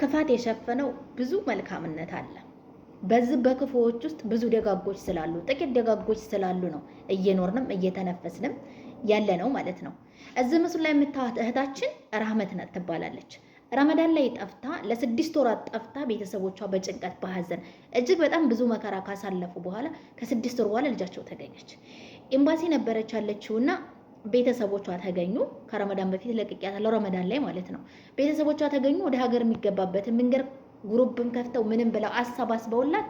ክፋት የሸፈነው ብዙ መልካምነት አለ። በዚህ በክፉዎች ውስጥ ብዙ ደጋጎች ስላሉ ጥቂት ደጋጎች ስላሉ ነው እየኖርንም እየተነፈስንም ያለ ነው ማለት ነው። እዚህ ምስሉ ላይ የምታዩት እህታችን ራህመት ናት ትባላለች። ረመዳን ላይ ጠፍታ ለስድስት ወራት ጠፍታ ቤተሰቦቿ በጭንቀት በሀዘን እጅግ በጣም ብዙ መከራ ካሳለፉ በኋላ ከስድስት ወር በኋላ ልጃቸው ተገኘች። ኤምባሲ ነበረች ያለችውና ቤተሰቦቿ ተገኙ። ከረመዳን በፊት ለቅቄያታለሁ፣ ረመዳን ላይ ማለት ነው። ቤተሰቦቿ ተገኙ። ወደ ሀገር የሚገባበትን መንገድ ጉሩብን ከፍተው ምንም ብለው አሰባስበውላት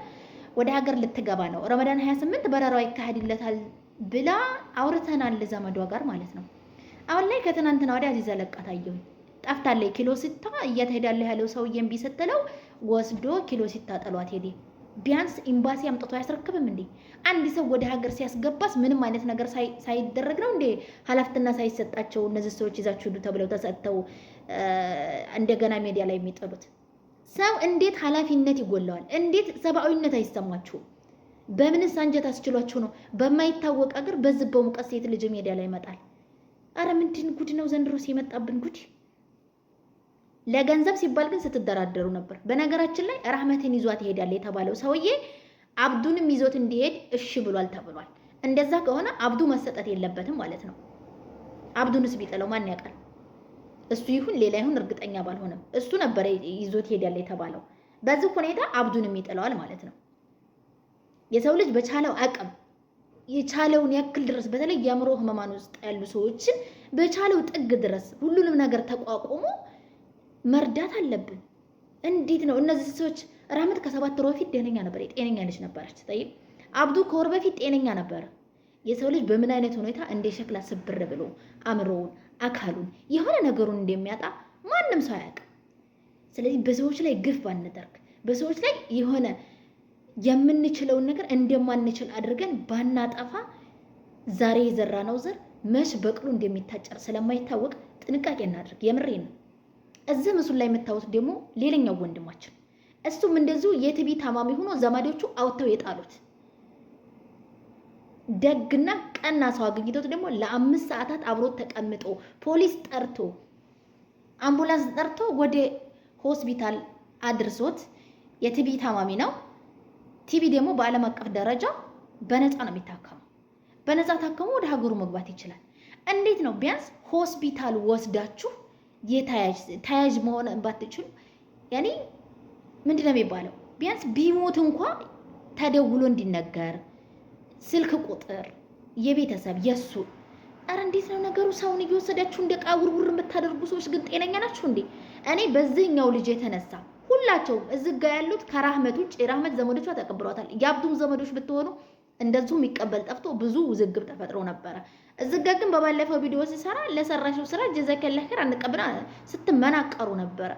ወደ ሀገር ልትገባ ነው። ረመዳን 28 በረራው ይካሄድለታል ብላ አውርተናል ዘመዷ ጋር ማለት ነው። አሁን ላይ ከትናንትና ወዲያ አዚዛ ለቃት አየሁኝ። ጠፍታለች። ኪሎ ሲታ እየተሄዳለሁ ያለው ሰውዬ እምቢ ስትለው ወስዶ ኪሎ ሲታ ጠሏት ሄዴ ቢያንስ ኤምባሲ አምጥቶ አያስረክብም እንዴ? አንድ ሰው ወደ ሀገር ሲያስገባስ ምንም አይነት ነገር ሳይደረግ ነው እንዴ? ኃላፊትና ሳይሰጣቸው እነዚህ ሰዎች ይዛችሁ ሂዱ ተብለው ተሰጥተው እንደገና ሜዲያ ላይ የሚጥሉት ሰው እንዴት ኃላፊነት ይጎለዋል? እንዴት ሰብአዊነት አይሰማችሁም? በምንስ አንጀት አስችሏችሁ ነው? በማይታወቅ አገር በዚህ በሙቀት ሴት ልጅ ሜዲያ ላይ ይመጣል። አረ ምንድን ጉድ ነው ዘንድሮስ የመጣብን ጉድ። ለገንዘብ ሲባል ግን ስትደራደሩ ነበር። በነገራችን ላይ ራህመትን ይዟት ይሄዳል የተባለው ሰውዬ አብዱንም ይዞት እንዲሄድ እሺ ብሏል ተብሏል። እንደዛ ከሆነ አብዱ መሰጠት የለበትም ማለት ነው። አብዱንስ ቢጥለው ማን ያውቃል? እሱ ይሁን ሌላ ይሁን እርግጠኛ ባልሆነም እሱ ነበረ ይዞት ይሄዳል የተባለው። በዚህ ሁኔታ አብዱንም ይጥለዋል ማለት ነው። የሰው ልጅ በቻለው አቅም የቻለውን ያክል ድረስ በተለይ የአእምሮ ህመማን ውስጥ ያሉ ሰዎችን በቻለው ጥግ ድረስ ሁሉንም ነገር ተቋቁሞ መርዳት አለብን። እንዴት ነው እነዚህ ሰዎች? ራመት ከሰባት ወር በፊት ደህነኛ ነበር፣ የጤነኛ ልጅ ነበረች። ጠይቅ አብዱ ከወር በፊት ጤነኛ ነበር። የሰው ልጅ በምን አይነት ሁኔታ እንደ ሸክላ ስብር ብሎ አእምሮውን፣ አካሉን፣ የሆነ ነገሩን እንደሚያጣ ማንም ሰው አያውቅም። ስለዚህ በሰዎች ላይ ግፍ ባንደርግ፣ በሰዎች ላይ የሆነ የምንችለውን ነገር እንደማንችል አድርገን ባናጠፋ ዛሬ ነው ዘር መች በቅሎ እንደሚታጨር ስለማይታወቅ ጥንቃቄ እናድርግ። የምሬ ነው። እዚህ ምስሉ ላይ የምታዩት ደግሞ ሌላኛው ወንድማችን እሱም እንደዚሁ የቲቢ ታማሚ ሆኖ ዘመዶቹ አውጥተው የጣሉት ደግና ቀና ሰው አግኝቶት ደግሞ ለአምስት ሰዓታት አብሮ ተቀምጦ ፖሊስ ጠርቶ አምቡላንስ ጠርቶ ወደ ሆስፒታል አድርሶት የቲቢ ታማሚ ነው። ቲቢ ደግሞ በዓለም አቀፍ ደረጃ በነፃ ነው የሚታከመው። በነፃ ታከሙ ወደ ሀገሩ መግባት ይችላል። እንዴት ነው ቢያንስ ሆስፒታል ወስዳችሁ የተያዥ ተያዥ መሆን ባትችሉ ያኔ ምንድን ነው የሚባለው? ቢያንስ ቢሞት እንኳ ተደውሎ እንዲነገር ስልክ ቁጥር የቤተሰብ የእሱ ኧረ እንዴት ነው ነገሩ? ሰውን እየወሰዳችሁ እንደ ዕቃ ውርውር የምታደርጉ ሰዎች ግን ጤነኛ ናችሁ እንዴ? እኔ በዚህኛው ልጅ የተነሳ ሁላቸውም እዚህ ጋ ያሉት ከራህመት ውጭ የራህመት ዘመዶቿ ተቀብለዋታል። የአብዱም ዘመዶች ብትሆኑ እንደዚሁ የሚቀበል ጠፍቶ ብዙ ውዝግብ ተፈጥሮ ነበረ። እዚህ ጋ ግን በባለፈው ቪዲዮ ሲሰራ ለሰራሽው ስራ ጀዘከላህ ኸይር ስትመናቀሩ ነበረ።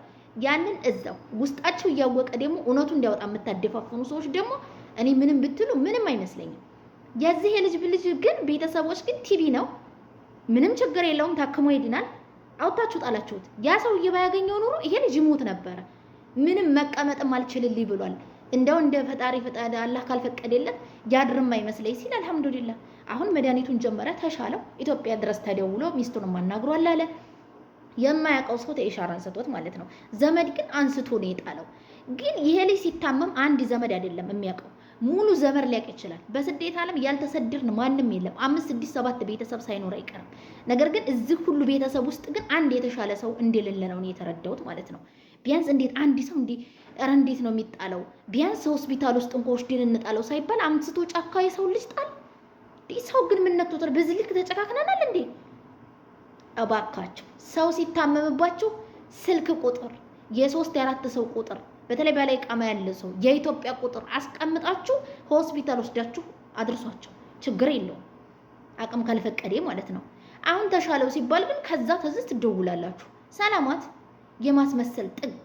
ያንን እዛው ውስጣቸው እያወቀ ደግሞ እውነቱ እንዲያወጣ የምታደፋፍኑ ሰዎች ደግሞ እኔ ምንም ብትሉ ምንም አይመስለኝም። የዚህ የልጅ ብልጅ ግን ቤተሰቦች ግን ቲቪ ነው፣ ምንም ችግር የለውም፣ ታክሞ ይድናል። አውታችሁ ጣላችሁት። ያ ሰውዬ ባያገኘው ኑሮ ይሄ ልጅ ይሞት ነበረ። ምንም መቀመጥም አልችልልኝ ብሏል። እንደው እንደ ፈጣሪ ፈጣሪ አላህ ካልፈቀደለት ያድርም አይመስለኝ ሲል አልሐምዱሊላ አሁን መድኃኒቱን ጀመረ፣ ተሻለው። ኢትዮጵያ ድረስ ተደውሎ ሚስቱን አናግሯል አለ። የማያውቀው ሰው ተኢሻራ አንስቶት ማለት ነው። ዘመድ ግን አንስቶ ነው የጣለው። ግን ይሄ ልጅ ሲታመም አንድ ዘመድ አይደለም የሚያውቀው ሙሉ ዘመድ ሊያውቅ ይችላል። በስደት ዓለም ያልተሰድርን ማንም የለም። አምስት ስድስት ሰባት ቤተሰብ ሳይኖር አይቀርም። ነገር ግን እዚህ ሁሉ ቤተሰብ ውስጥ ግን አንድ የተሻለ ሰው እንደሌለ ነው የተረዳሁት ማለት ነው። ቢያንስ እንዴት አንድ ሰው እንዲ ኧረ እንዴት ነው የሚጣለው? ቢያንስ ሆስፒታል ውስጥ እንኳ ወስደን እንጣለው ሳይባል አምስቶ ጫካ የሰው ልጅ ጣል። ሰው ግን ምን ነክቶታል? በዚህ ልክ ተጨካክነናል እንዴ? እባካችሁ ሰው ሲታመምባችሁ ስልክ ቁጥር የሶስት የአራት ሰው ቁጥር በተለይ በላይ ቃማ ያለ ሰው የኢትዮጵያ ቁጥር አስቀምጣችሁ ሆስፒታል ወስዳችሁ አድርሷቸው። ችግር የለውም አቅም ካልፈቀደ ማለት ነው። አሁን ተሻለው ሲባል ግን ከዛ ከዚህ ትደውላላችሁ ሰላማት የማስመሰል ጥግ